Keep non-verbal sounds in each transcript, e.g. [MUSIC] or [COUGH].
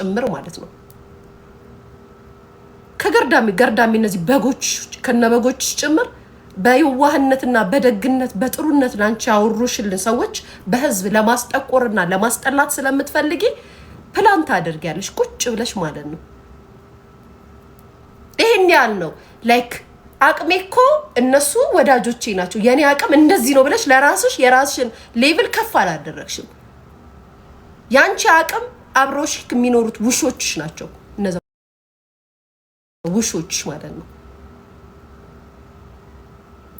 ጭምር ማለት ነው። ከገርዳሚ ገርዳሚ እነዚህ በጎች በጎች ጭምር በየዋህነትና በደግነት በጥሩነት ላንቺ ያወሩሽልን ሰዎች በህዝብ ለማስጠቆርና ለማስጠላት ስለምትፈልጊ ፕላን ታደርጊያለሽ ቁጭ ብለሽ ማለት ነው። ይሄን ያህል ነው። ላይክ አቅሜ እኮ እነሱ ወዳጆቼ ናቸው፣ የእኔ አቅም እንደዚህ ነው ብለሽ ለራስሽ የራስሽን ሌቭል ከፍ አላደረግሽም። ያንቺ አቅም አብሮሽ የሚኖሩት ውሾች ናቸው። እነዛ ውሾች ማለት ነው።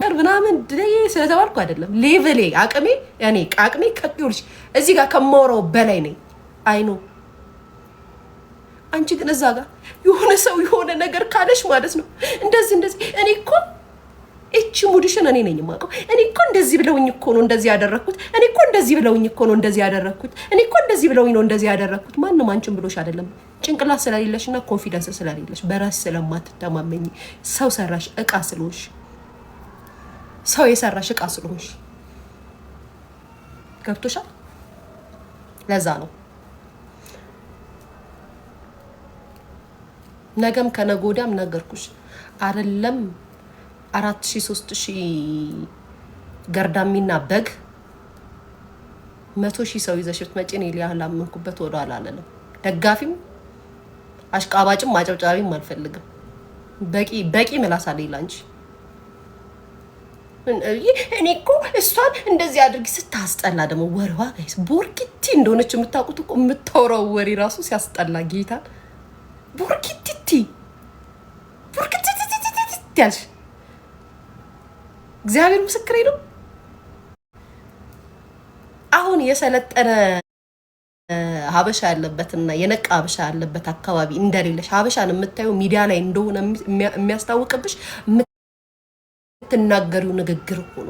ነገር ምናምን ድለይ ስለተባልኩ አይደለም። ሌቨሌ አቅሜ ያኔ አቅሜ ከልጅ እዚህ ጋር ከማውራው በላይ ነኝ። አይኖ አንቺ ግን እዛ ጋር የሆነ ሰው የሆነ ነገር ካለሽ ማለት ነው እንደዚህ እንደዚህ እኔ እኮ እቺ ሙድሽን እኔ ነኝ የማውቀው። እኔ እኮ እንደዚህ ብለውኝ እኮ ነው እንደዚህ ያደረግኩት። እኔ እኮ እንደዚህ ብለውኝ እኮ ነው እንደዚህ ያደረግኩት። እኔ እኮ እንደዚህ ብለውኝ ነው እንደዚህ ያደረግኩት። ማንም አንቺን ብሎሽ አይደለም። ጭንቅላት ስለሌለሽ እና ኮንፊደንስ ስለሌለሽ በራስ ስለማትተማመኝ ሰው ሰራሽ እቃ ስለሆንሽ ሰው የሰራሽ እቃ ስለሆንሽ ገብቶሻል። ለዛ ነው ነገም ከነጎዳም ነገርኩሽ አይደለም አራት ሺህ ሶስት ገርዳሚና በግ መቶ ሺህ ሰው ይዘሽ ብትመጪ እኔ ደጋፊም አሽቃባጭም አጨብጫቢም አልፈልግም። በቂ በቂ ምላሳ ሌላ እኔ እኮ እሷን እንደዚህ አድርጊ ስታስጠላ ደግሞ ጋይስ ቦርኪቲ እንደሆነች የምታውቁት እኮ የምታወራው ወሬ ራሱ ሲያስጠላ ጌታ ቦርኪቲቲ ያልሽ እግዚአብሔር ምስክር ነው። አሁን የሰለጠነ ሀበሻ ያለበትና የነቃ ሀበሻ ያለበት አካባቢ እንደሌለሽ ሀበሻን የምታየው ሚዲያ ላይ እንደሆነ የሚያስታውቅብሽ የምትናገሪው ንግግር ሆኖ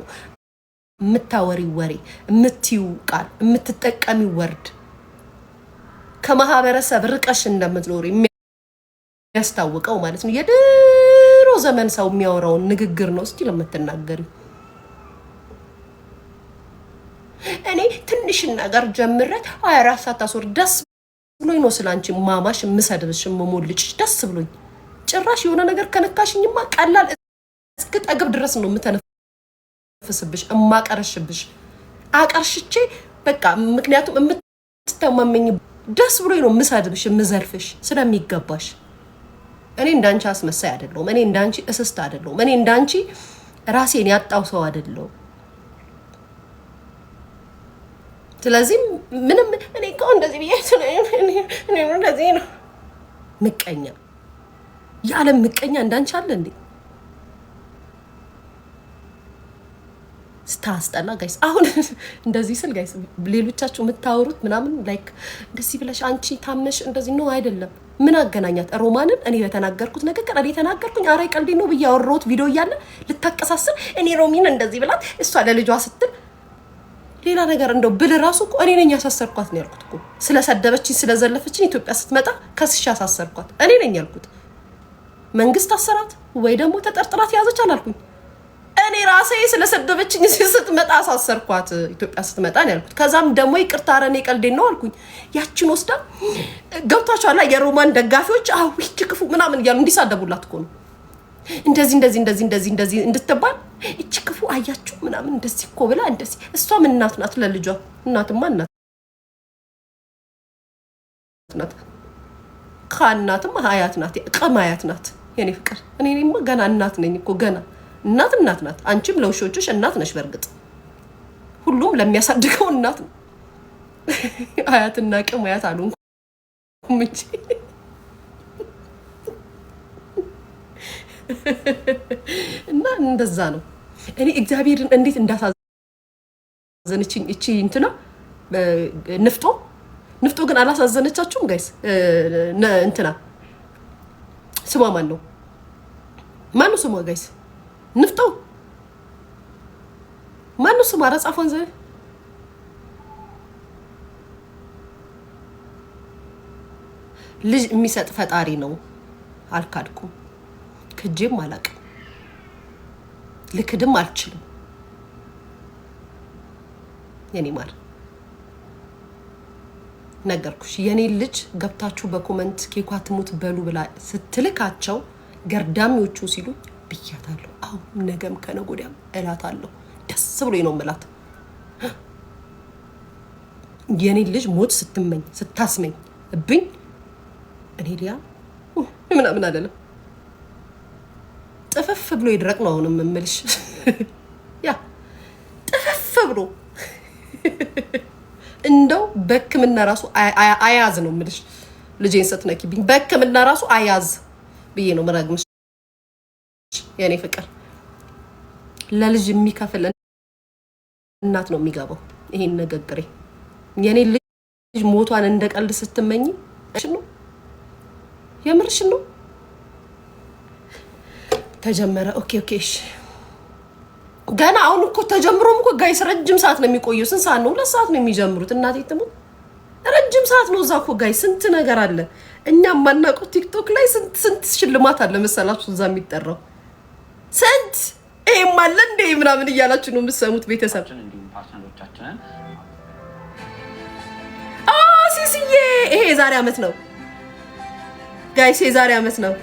የምታወሪ ወሬ፣ የምትዩ ቃል፣ የምትጠቀሚ ወርድ ከማህበረሰብ ርቀሽ እንደምትኖሪ የሚያስታውቀው ማለት ነው። የድሮ ዘመን ሰው የሚያወራውን ንግግር ነው እስቲ ለምትናገሪ እኔ ትንሽ ነገር ጀምረት አይ ራስ አታስወር። ደስ ብሎኝ ነው ስላንቺ ማማሽ የምሰድብሽ የምሞልጭሽ ደስ ብሎኝ። ጭራሽ የሆነ ነገር ከነካሽኝማ ቀላል እስክ ጠግብ ድረስ ነው የምተነፍስብሽ እማቀረሽብሽ አቀርሽቼ በቃ ምክንያቱም የምትተማመኝ ደስ ብሎኝ ነው የምሰድብሽ የምዘልፍሽ ስለሚገባሽ እኔ እንዳንቺ አስመሳይ አይደለሁም። እኔ እንዳንቺ እስስት አይደለሁም። እኔ እንዳንቺ ራሴን ያጣው ሰው አይደለሁም። ስለዚህ ምንም እኔ እኮ እንደዚህ ብዬ እንደዚህ ነው። ምቀኛ የዓለም ምቀኛ እንዳንቺ አለ እንዴ? ስታስጠላ ጋይስ። አሁን እንደዚህ ስል ጋይስ ሌሎቻችሁ የምታወሩት ምናምን ላይክ እንደዚህ ብለሽ አንቺ ታመሽ እንደዚህ ነው አይደለም ምን አገናኛት ሮማንን? እኔ በተናገርኩት ንግግር እኔ ተናገርኩኝ፣ አራይ ቀልዴ ነው ብዬ ያወራሁት ቪዲዮ እያለ ልታቀሳስብ እኔ ሮሚን እንደዚህ ብላት እሷ ለልጇ ስትል ሌላ ነገር እንደው ብል ራሱ እኮ እኔ ነኝ ያሳሰርኳት ነው ያልኩት እኮ ስለሰደበችኝ ስለዘለፈችኝ ኢትዮጵያ ስትመጣ ከስሽ ያሳሰርኳት እኔ ነኝ ያልኩት። መንግስት አሰራት ወይ ደግሞ ተጠርጥራት ያዘች አላልኩኝ። ራሴ ስለሰደበችኝ ስትመጣ አሳሰርኳት። ኢትዮጵያ ስትመጣ ነው ያልኩት። ከዛም ደግሞ ይቅርታ ረኔ ቀልዴ ነው አልኩኝ። ያችን ወስዳ ገብቷቸኋላ የሮማን ደጋፊዎች አዊች ክፉ ምናምን እያሉ እንዲሳደቡላት እኮ ነው እንደዚህ እንደዚህ እንደዚህ እንደዚህ እንደዚህ እንድትባል እቺ ክፉ አያችሁ ምናምን እንደዚህ እኮ ብላ እንደዚህ እሷም እናት ናት ለልጇ እናትማ እናት ናት ከእናትም አያት ናት ቅም አያት ናት የኔ ፍቅር እኔ ገና እናት ነኝ እኮ ገና እናት እናት ናት። አንቺም ለውሾችሽ እናት ነሽ። በእርግጥ ሁሉም ለሚያሳድገው እናት ነው። [LAUGHS] አያትና ቅም አያት አሉ እንጂ [LAUGHS] እና እንደዛ ነው። እኔ እግዚአብሔርን እንዴት እንዳሳዘነችኝ እቺ እንትና ንፍጦ ንፍጦ ግን አላሳዘነቻችሁም ጋይስ? እንትና ስሟ ማን ነው? ማን ነው ስሟ ጋይስ? ንፍጠው ማነው ስም አረጻፍ ወንዝ ልጅ የሚሰጥ ፈጣሪ ነው። አልካድኩም፣ ክጄም አላቅም፣ ልክድም አልችልም። የኔ ማር ነገርኩሽ። የኔ ልጅ ገብታችሁ በኮመንት ኬኳ ትሙት በሉ ብላ ስትልካቸው ገርዳሚዎቹ ሲሉኝ ብያታለሁ። አሁን ነገም ከነገ ወዲያም እላታለሁ። ደስ ብሎ ነው የምላት። የኔ ልጅ ሞት ስትመኝ ስታስመኝ እብኝ እኔ ሊያ ምናምን አይደለም ጥፍፍ ብሎ ይድረቅ ነው አሁንም የምልሽ። ያ ጥፍፍ ብሎ እንደው በሕክምና ራሱ አያዝ ነው የምልሽ። ልጄን ስትነኪብኝ በሕክምና ራሱ አያዝ ብዬ ነው መራግምሽ። የኔ ፍቅር ለልጅ የሚከፍል እናት ነው የሚገባው። ይሄን ንግግሬ የኔ ልጅ ሞቷን እንደ ቀልድ ስትመኝ ነው የምርሽ ነው። ተጀመረ። ኦኬ ኦኬ፣ እሺ ገና አሁን እኮ ተጀምሮም እኮ ጋይስ ረጅም ሰዓት ነው የሚቆየው። ስንት ሰዓት ነው? ሁለት ሰዓት ነው የሚጀምሩት። እናቴ ትሙት ረጅም ሰዓት ነው እዛ እኮ ጋይ ስንት ነገር አለ። እኛ የማናውቀው ቲክቶክ ላይ ስንት ስንት ሽልማት አለ መሰላችሁ እዛ የሚጠራው ስንት ይሄም አለ እንደ ምናምን እያላችሁ ነው የምትሰሙት። ቤተሰብ ሲስዬ ይሄ የዛሬ አመት ነው ጋይስ፣ የዛሬ አመት ነው።